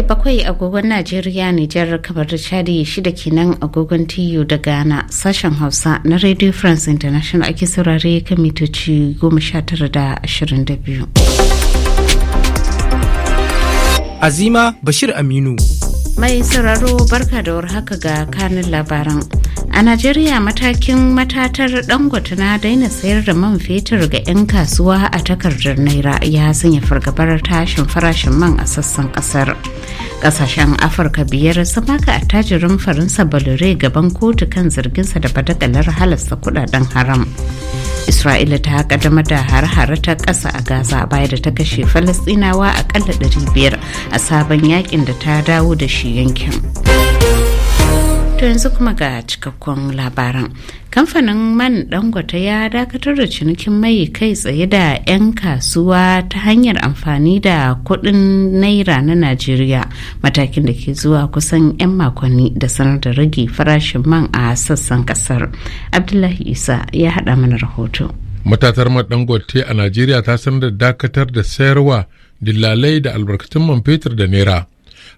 karfe bakwai agogon najeriya nijar kamar da chadi shida kenan agogon tiyo da ghana sashen hausa na radio france international ake saurare kan mitoci goma sha tara da da biyu azima bashir aminu Mai sauraro barka da haka ga kanin labaran. A Najeriya matakin matatar Dangote na daina sayar da man fetur ga 'yan kasuwa a takardar Naira ya sanya fargabar tashin farashin man a sassan kasar. Kasashen Afirka biyar sun maka attajirin Faransa Balore gaban kotu kan zarginsa da badakalar halasta kudaden haram. Isra'ila ta kaddamar da har-hare ta ƙasa a Gaza baya da ta kashe Falasɗinawa akalla 500 a sabon yakin da ta dawo da shi yankin to yanzu kuma ga cikakkun labaran kamfanin man dangote ya dakatar da cinikin mai kai tsaye da 'yan kasuwa ta hanyar amfani da kudin naira na najeriya matakin da ke zuwa kusan 'yan makonni da sanar da rage farashin man a sassan kasar abdullahi isa ya hada mana rahoto matatar man dangote a najeriya ta sanar da dakatar da sayarwa dillalai da albarkatun man fetur da naira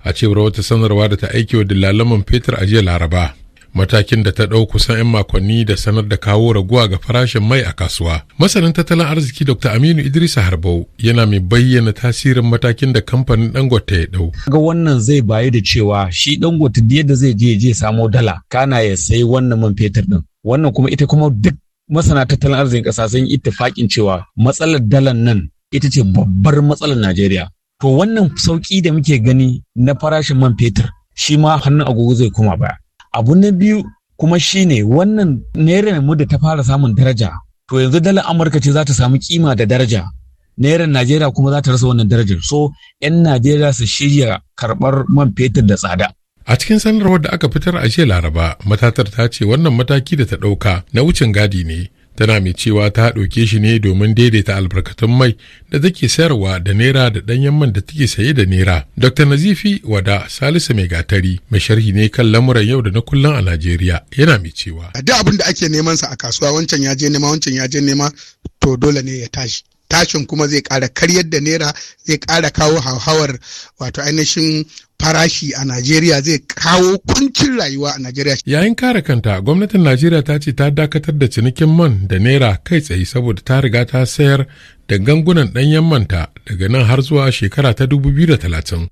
a cewar wata sanarwa da ta aiki wa dillalaman fetur a jiya laraba matakin da ta ɗau kusan 'yan makonni da sanar da kawo raguwa ga farashin mai a kasuwa. Masanin tattalin arziki Dr. Aminu Idrisa Harbau yana mai bayyana tasirin matakin da kamfanin Dangote ya ɗau. Ga wannan zai bayu da cewa shi Dangote yadda zai je je samo dala kana ya sayi wannan man fetur ɗin. Wannan kuma ita kuma duk masana tattalin arzikin ƙasa sun yi ittifaƙin cewa matsalar dalan nan ita ce babbar matsalar Najeriya. to wannan sauki da muke gani na farashin man fetur shi ma hannun agogo zai koma baya abu na biyu kuma shi ne wannan naira mu da ta fara samun daraja to yanzu dalar amurka ce za ta samu kima da daraja naira najeriya kuma za ta rasa wannan darajar so 'yan najeriya su shirya karɓar man fetur da tsada A cikin sanarwar da aka fitar a jiya Laraba, matatar ta ce wannan mataki da ta ɗauka na wucin gadi ne tana mai cewa ta ɗauke shi ne domin daidaita albarkatun mai da take sayarwa da naira da ɗanyen man da take saye da naira dr nazifi wada salisu mai gatari mai sharhi ne kan lamuran yau da na kullum a najeriya yana mai cewa a duk abin da ake neman sa a kasuwa wancan ya je nema wancan ya je nema to dole ne ya tashi tashin kuma zai ƙara karyar da naira zai kara kawo hauhawar wato ainihin farashi a Najeriya zai kawo kuncin rayuwa a Najeriya. Yayin kare kanta, gwamnatin Najeriya ta ce ta dakatar da cinikin man da naira kai tsaye saboda ta riga ta sayar da gangunan ɗanyen manta daga nan har zuwa shekara ta 2030.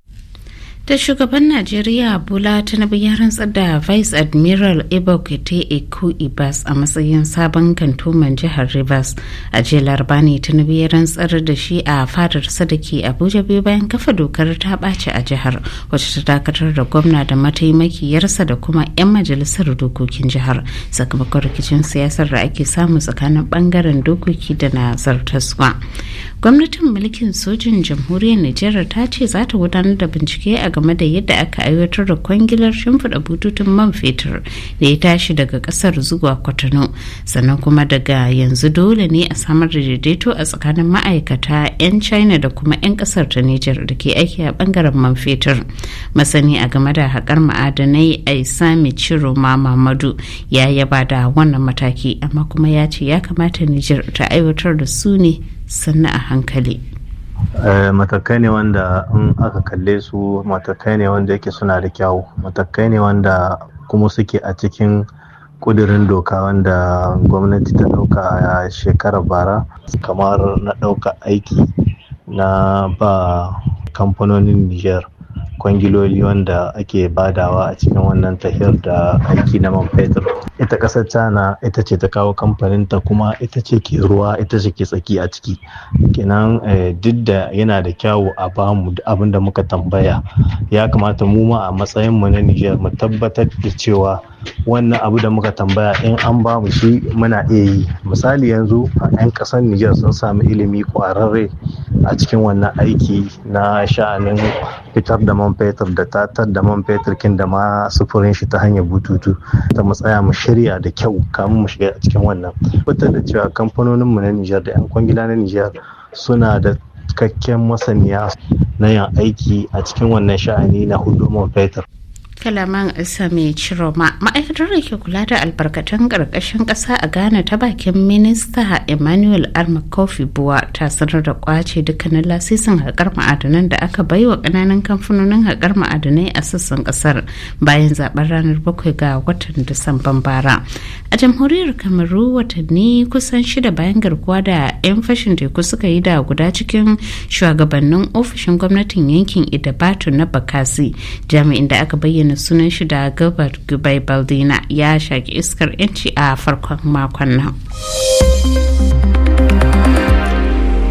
da shugaban najeriya bula tinubu ya rantsar da vice admiral ibokete eku ibas a matsayin sabon kantoman jihar rivers a jiya laraba ne tinubu ya rantsar da shi a fadar sadaki abuja biyu bayan kafa dokar ta ɓace a jihar wacce ta dakatar da gwamna da mataimakiyarsa da kuma 'yan majalisar dokokin jihar sakamakon rikicin siyasar da ake samu tsakanin bangaren dokoki da na zartaswa gwamnatin mulkin sojin jamhuriyar nijar ta ce za ta gudanar da bincike a game da yadda aka aiwatar da kwangilar shimfiɗa bututun man fetur da ya tashi daga ƙasar zuwa kwatano sannan kuma daga yanzu dole ne a samar da daidaito a tsakanin ma'aikata 'yan china da kuma 'yan ƙasar ta nijar da ke aiki a ɓangaren man fetur masani a game da haƙar ma'adanai a sami ciro mamadu ya yaba da wannan mataki amma kuma ya ce ya kamata nijar ta aiwatar da su ne sannan a hankali Eh, matakai ne wanda in aka kalle su matakai ne wanda yake suna da kyawu matakai ne wanda kuma suke a cikin kudirin doka wanda gwamnati ta dauka a shekarar bara kamar na dauka aiki na ba kamfanonin niger kwangiloli wanda ake badawa a cikin wannan tahiyar da aiki na man fetur ita kasar china ita ce ta kawo kamfanin ta kuma ita ce ke ruwa ita ce ke tsaki a ciki kenan eh, duk da yana da kyawu a bamu abin da muka tambaya ya kamata mu ma a matsayin mu na niger mu tabbatar da cewa wannan abu da muka tambaya in an ba mu shi muna iya yi misali yanzu a 'yan kasar Nijar sun samu ilimi kwararre a cikin wannan aiki na sha'anin fitar da man man fetur da tatar da man fetur kin da ma sufurin shi ta hanyar bututu ta mu tsaya mu shirya da kyau kamun mu shiga cikin wannan fitar da cewa kamfanonin mu na Nijar da 'yan kwangila na Nijar suna da cikakken masaniya na yin aiki a cikin wannan sha'ani na hudu man fetur kalaman sami ciroma ma'aikatar da ke kula da albarkatun ƙarƙashin ƙasa a ghana ta bakin minista emmanuel armakofi buwa ta sanar da kwace dukkanin lasisin haƙar ma'adanan da aka bai wa ƙananan kamfanonin haƙar ma'adanai a sassan ƙasar bayan zaɓen ranar bakwai ga watan disamban bara a jamhuriyar kamaru watanni kusan shida bayan garkuwa da 'yan fashin teku suka yi da guda cikin shugabannin ofishin gwamnatin yankin idabatu na bakasi jami'in da aka bayyana ne sunan shi da gabar gubai baldina ya shaƙi iskar 'yanci a farkon makon nan.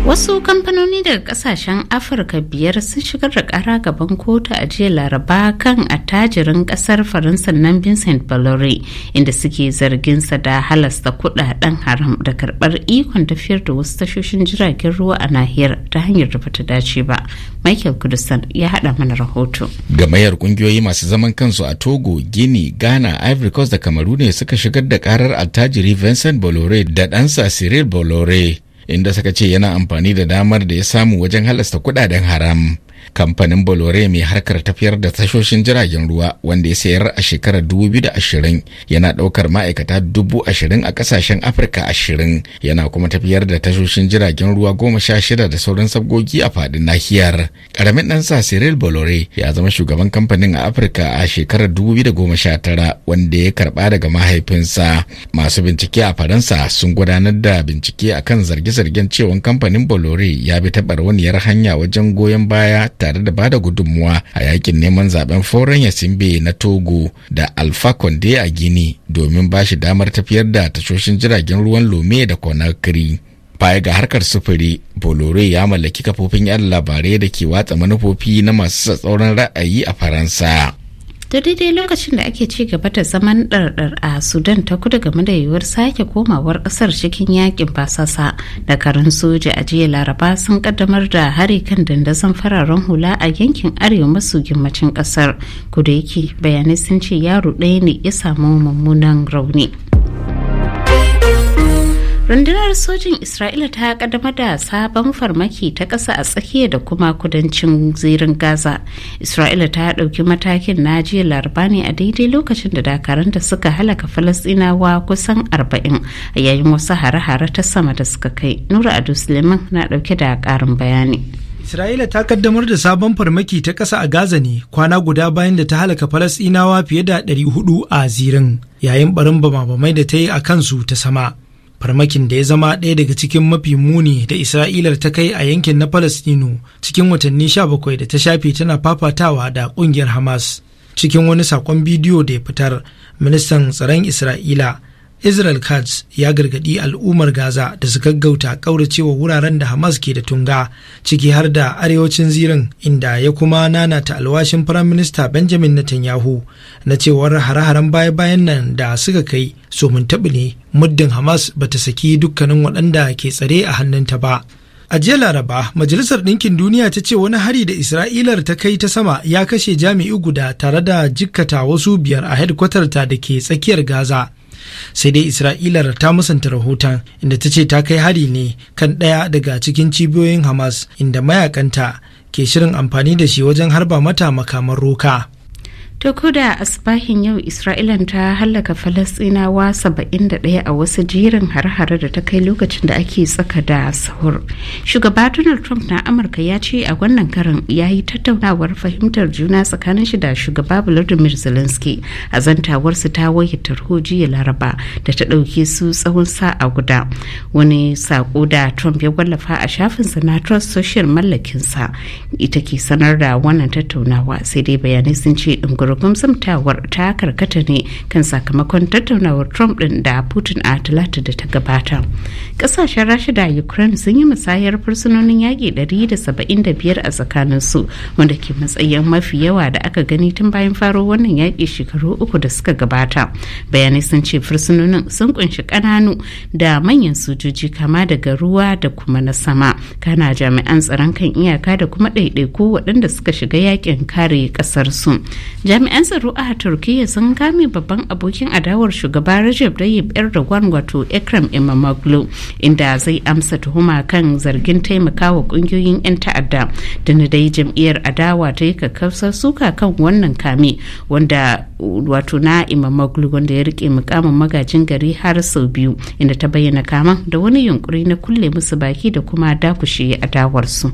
wasu kamfanoni daga kasashen afirka biyar sun shigar da kara gaban kotu a jiya laraba kan attajirin kasar faransa nan vincent valore inda suke zargin sa da halasta kudaden haram da karbar ikon tafiyar da wasu tashoshin jiragen ruwa a nahiyar ta hanyar da bata dace ba michael kudusan ya hada mana rahoto gamayar kungiyoyi masu zaman kansu a togo gini ghana ivory coast da kamaru ne suka shigar da karar attajiri vincent bolore da ɗansa cyril bolore inda suka ce yana amfani da damar da ya samu wajen halasta kudaden haram kamfanin bolore mai harkar tafiyar da tashoshin jiragen ruwa wanda ya sayar a shekarar 2020 yana ɗaukar ma'aikata dubu ashirin a ƙasashen afirka ashirin yana kuma tafiyar da tashoshin jiragen ruwa goma sha shida da sauran sabgogi a faɗin nahiyar karamin dan sa cyril bolore ya zama shugaban kamfanin a afirka a shekarar 2019 wanda ya karɓa daga mahaifinsa masu bincike a faransa sun gudanar da bincike akan zarge-zargen cewa kamfanin bolore ya bi taɓar waniyar hanya wajen goyon baya tare da bada gudunmuwa a yakin neman zaben fauren yasimbe na togo da alfa konde a gini domin ba shi damar tafiyar da tashoshin jiragen ruwan lome da konakiri baya ga harkar sufuri bolore ya mallaki kafofin yan labarai da ke watsa manufofi na masu tsatsauran ra'ayi a faransa ta daidai lokacin da ake ci gaba da zaman ɗarɗar a sudan ta kudu game da yiwuwar sake komawar ƙasar cikin yakin basasa da karin soja a jiya laraba sun kaddamar da hari kan dandazon fararen hula a yankin arewa maso yammacin ƙasar kudu yake bayanai sun ce yaro ɗaya ne ya samu mummunan rauni rundunar sojin isra'ila ta kaddamar da sabon farmaki ta ƙasa a tsakiya da kuma kudancin zirin gaza isra'ila ta ɗauki matakin na jiya laraba ne a daidai lokacin da da suka halaka falastinawa kusan 40 a yayin wasu hare-hare ta sama da suka kai nura ado suleiman na ɗauke da ƙarin bayani Isra'ila ta kaddamar da sabon farmaki ta ƙasa a Gaza ne kwana guda bayan da ta halaka Falasɗinawa fiye da 400 a zirin yayin barin bama-bamai da ta yi a kansu ta sama. farmakin da ya zama ɗaya daga cikin mafi muni da isra'ilar ta kai a yankin na palestino cikin watanni 17 da ta shafe tana fafatawa da ƙungiyar hamas cikin wani saƙon bidiyo da ya fitar ministan tsaron isra'ila israel katz ya gargadi al'ummar gaza da su gaggauta kauracewa wuraren da hamas ke da tunga ciki har da arewacin zirin inda ya kuma nana ta alwashin firaminista benjamin netanyahu na cewar hare-haren baya-bayan nan da suka kai so mun ne muddin hamas ba ta saki dukkanin waɗanda ke tsare a hannunta ba A jiya Laraba, Majalisar Ɗinkin Duniya ta ce wani hari da Isra'ilar ta kai ta sama ya kashe jami'u guda tare da jikkata wasu biyar a ta da ke tsakiyar Gaza. sai dai isra'ilar ta musanta rahoton inda ta ce ta kai hari ne kan ɗaya daga cikin cibiyoyin hamas inda mayakanta ke shirin amfani da shi wajen harba mata makaman roka To a asbahin yau Isra'ilan ta hallaka Falasɗinawa ɗaya a wasu jerin har-hare da ta kai lokacin da ake tsaka da sahur. Shugaba Donald Trump na Amurka ya ce a wannan karin ya yi tattaunawar fahimtar juna tsakanin shi da shugaba Volodymyr Zelensky a su ta waye tarho jiya Laraba da ta ɗauke su tsawon sa'a guda. Wani sako da Trump ya wallafa a shafin na Trust Social mallakinsa ita ke sanar da wannan tattaunawa sai dai bayanai sun ce ɗungur rubun zamtawar ta karkata ne kan sakamakon tattaunawar trump din da putin a talata da ta gabata kasashen rasha da ukraine sun yi musayar fursunonin yaƙi 175 a tsakanin su wanda ke matsayin mafi yawa da aka gani tun bayan faro wannan yaƙi shekaru uku da suka gabata bayanai sun ce fursunonin sun kunshi ƙananu da manyan sojoji kama daga ruwa da kuma na sama kana jami'an tsaron kan iyaka da kuma ɗaiɗaiku waɗanda suka shiga yaƙin kare ƙasarsu su jami'an tsaro a turkiyya sun kame babban abokin adawar shugaba rajab da erdogan wato ekrem imamoglu inda zai amsa tuhuma kan zargin taimakawa kungiyoyin 'yan ta'adda da na dai jam'iyyar adawa ta yi kakkausar suka kan wannan kame wanda wato na imamoglu wanda ya rike mukamin magajin gari har sau biyu inda ta bayyana kaman da wani yunkuri na kulle musu baki da kuma dakushe adawarsu.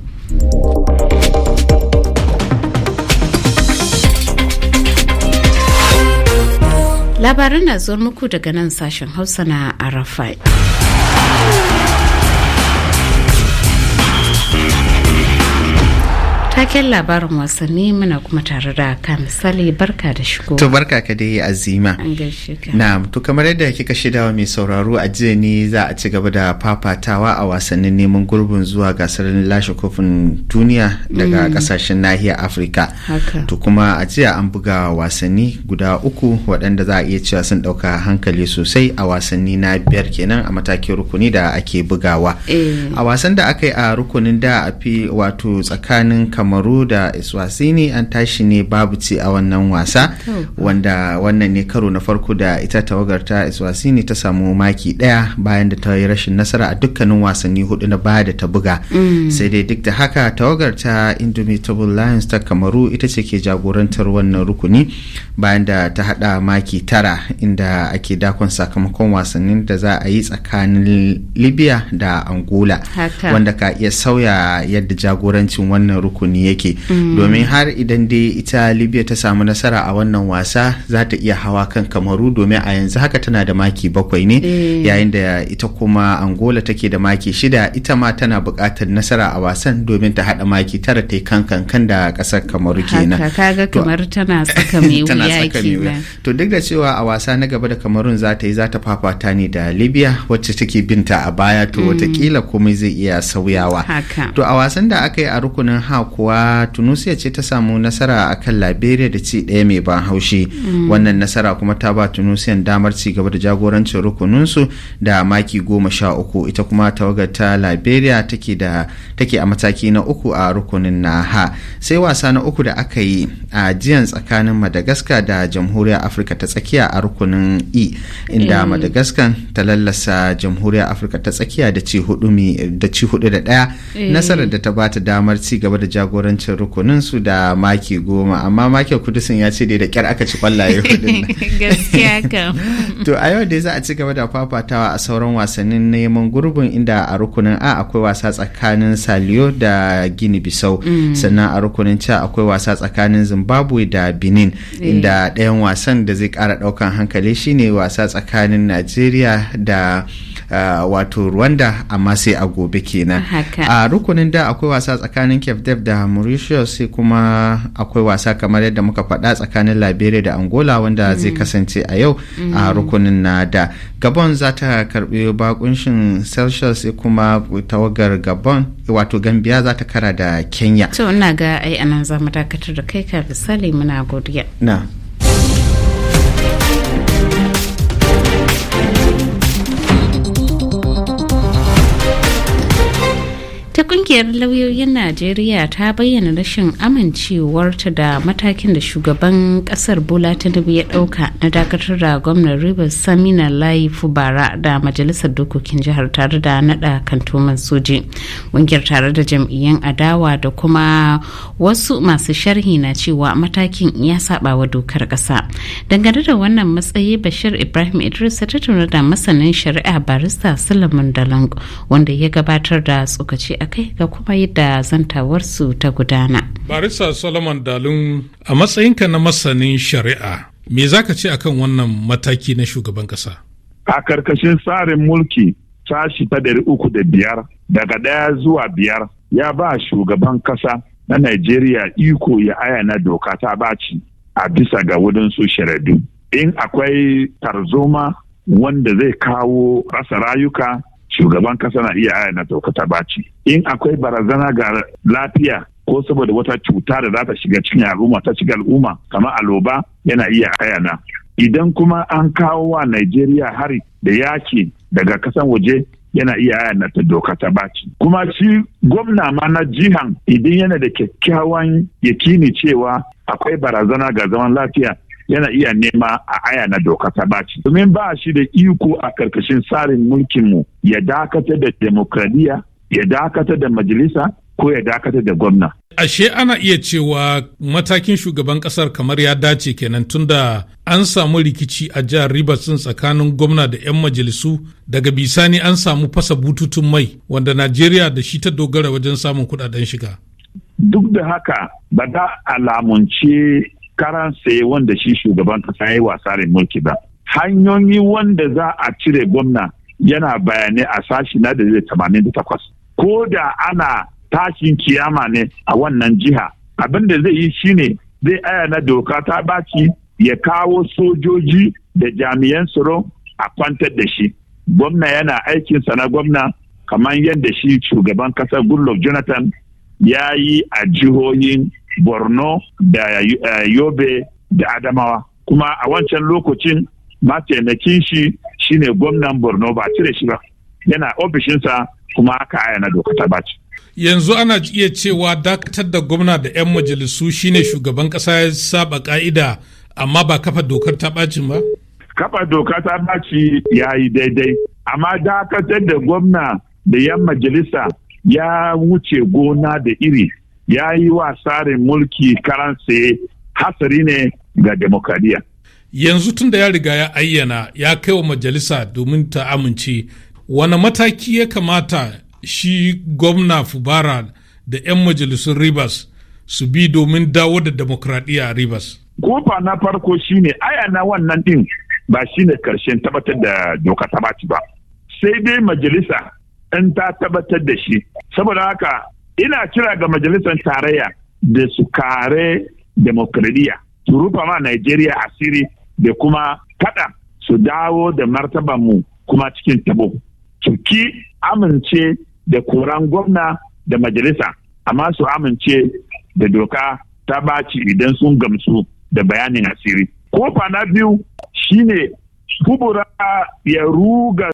labaran na zuwa muku daga nan sashen hausa na arafai taken labarin wasanni muna kuma tare da ka misali barka da shigo to barka ka dai azima na'am to kamar yadda kika shaidawa mai sauraro a jiya ne za a ci gaba da fafatawa a wasannin neman gurbin zuwa gasar lashe kofin duniya daga mm. kasashen nahiyar afirka to kuma a jiya an buga wasanni guda uku waɗanda za a iya cewa sun ɗauka hankali sosai a wasanni na biyar kenan a matakin rukuni da ake bugawa eh. a wasan da aka yi a rukunin da a fi wato tsakanin kamar kamaru da eswasini an tashi ne babu ci a wannan wasa wanda wannan ne karo na farko da ita tawagar ta iswasini ta samu maki daya bayan da ta yi rashin nasara a dukkanin wasanni hudu na baya da ta buga mm. sai dai duk da haka tawagar ta indomitable lions ta kamaru ita ce ke jagorantar wannan rukuni bayan da ta hada maki tara inda ake dakon sakamakon wasannin da za a yi tsakanin libya da angola wanda ka iya sauya yadda jagorancin wannan rukuni rauni yake mm. domin har idan dai ita libya ta samu nasara a wannan wasa za ta iya hawa kan kamaru domin a yanzu haka tana da maki bakwai ne eh. yayin da ita kuma angola take da maki shida ita ma tana buƙatar nasara a wasan domin ta haɗa maki tara ta kan kankan da ƙasar kamaru kenan tana tsaka mai wuya to duk da cewa a wasa na gaba da kamarun za ta yi za ta fafata ne da libya wacce take binta a baya to mm. watakila komai zai iya sauyawa to a wasan da aka yi a rukunin ha ko kuwa tunisia ce ta samu nasara a kan liberia da ci ɗaya mai ban haushi mm. wannan nasara kuma ta ba tunisian damar ci gaba da jagorancin rukuninsu da maki goma sha uku ita kuma tawagar ta liberia take a mataki na uku a rukunin na ha sai wasa na uku da aka yi a jiyan tsakanin madagascar da jamhuriyar afirka ta tsakiya a rukunin e inda eh. madagascar ta lallasa jamhuriyar afirka ta tsakiya da ci hudu da ɗaya eh. nasarar da ta ba ta damar ci gaba da jagorancin jagorancin rukunin su da maki goma amma Michael Kudusin ya ce dai da kyar aka ci kwallaye hudun gaskiya kam to a yau dai za a ci gaba da fafatawa a sauran wasannin neman gurbin inda a rukunin A akwai wasa tsakanin Saliyo da Gini Bisau mm. sannan a rukunin ca akwai wasa tsakanin Zimbabwe da Benin eh. inda ɗayan wasan da zai kara ɗaukan hankali shine wasa tsakanin Najeriya da Ah, wato rwanda amma sai a gobe kenan a ah, rukunin da akwai wasa tsakanin cape verde da mauritius sai kuma akwai wasa kamar yadda muka faɗa tsakanin liberia da angola wanda mm. zai kasance a yau a mm. rukunin na da gabon za ta karɓi bakunshin celsius sai kuma tawagar gabon wato gambia za ta kara da kenya to ina ga ai anan za mu dakatar da kai ka misali muna godiya na kungiyar lauyoyin Najeriya ta bayyana rashin amincewarta da matakin da shugaban ƙasar Bola Tinubu ya ɗauka na dakatar da gwamnan Rivers Samina Layi Fubara da Majalisar Dokokin Jihar tare da nada kantoman soji. Ƙungiyar tare da jam'iyyun adawa da kuma wasu masu sharhi na cewa matakin ya saba wa dokar ƙasa. Dangane da wannan matsayi Bashir Ibrahim Idris ta tattauna da masanin shari'a barista Sulaiman Dalang wanda ya gabatar da tsokaci a kai ga kuma yadda zantawarsu ta gudana. Barisa Solomon Dalun a matsayinka na masanin shari'a me za ka ce akan wannan mataki na shugaban kasa? A karkashin tsarin mulki sashi ta ɗari uku da biyar daga ɗaya zuwa biyar ya ba shugaban ƙasa na Najeriya iko ya aya na doka ta baci a bisa ga wadansu shari'adu. In akwai tarzoma wanda zai kawo rasa rayuka shugaban kasa na iya ayyana ta baci in akwai barazana ga lafiya ko saboda wata cuta da za ta shiga cikin al'umma ta shiga al'umma kamar aloba yana iya ayyana idan kuma an kawo wa Najeriya hari da yaki daga kasan waje yana iya ayyana ta doka ta baci kuma shi gwamna ma na jihan idan yana da kyakkyawan yakini cewa akwai barazana ga zaman lafiya yana iya nema a aya na doka ta baci domin ba shi da iko a karkashin tsarin mulkinmu ya dakata da demokradiyya ya dakatar da majalisa ko ya dakatar da gwamna. Ashe ana iya cewa matakin shugaban kasar kamar ya dace kenan tunda an samu rikici a jihar ribasin tsakanin gwamna da 'yan majalisu daga bisani an samu fasa bututun mai wanda Najeriya da shi ta dogara wajen samun kudaden shiga. Duk da haka ba da alamunce karanse wanda shi shugaban kasa ya yi wasa da mulki ba hanyoyi wanda za a cire gwamna yana bayanai a sashi na da zai takwas ko da ana tashin kiyama ne a wannan jiha abin da zai yi shine zai ayana doka ta baci ya kawo sojoji da jami'an tsaro a kwantar da shi gwamna yana aikinsa na gwamna kamar yadda shi shugaban kasar goodluck jonathan ya yi a jihohin borno da eh, yobe da adamawa kuma a wancan lokacin mataimakin shi shine gwamnan borno ba cire shi ba yana ofishinsa kuma aka ayana doka ta baci yanzu ana iya cewa dakatar da gwamna da 'yan majalisu shine shugaban kasa ya saba ƙa'ida amma ba kafa dokar ta bacin ba kafa doka ta baci ya yi daidai amma dakatar da gwamna da 'yan majalisa ya wuce gona da iri ya yi wa tsarin mulki karan hasari ne ga demokradiyya. Yanzu tun da ya riga ya ayyana ya kai wa majalisa domin ta amince, wani mataki ya kamata shi gwamna Fubara da 'yan majalisun Rivers su bi domin dawo da demokradiyya a Rivers? Kofa na farko shine ayyana wannan din ba shine karshen tabbatar da doka ta ba. Sai dai majalisa in ta tabbatar da shi. Saboda haka ina kira ga majalisar tarayya da su kare demokradiyya su rufa ma Najeriya asiri da kuma kada su dawo da martaban mu kuma cikin tabo su ki amince da koran gwamna da majalisa amma su amince da doka ta baci idan sun gamsu da bayanin asiri kofa na biyu shine kubura ya ruga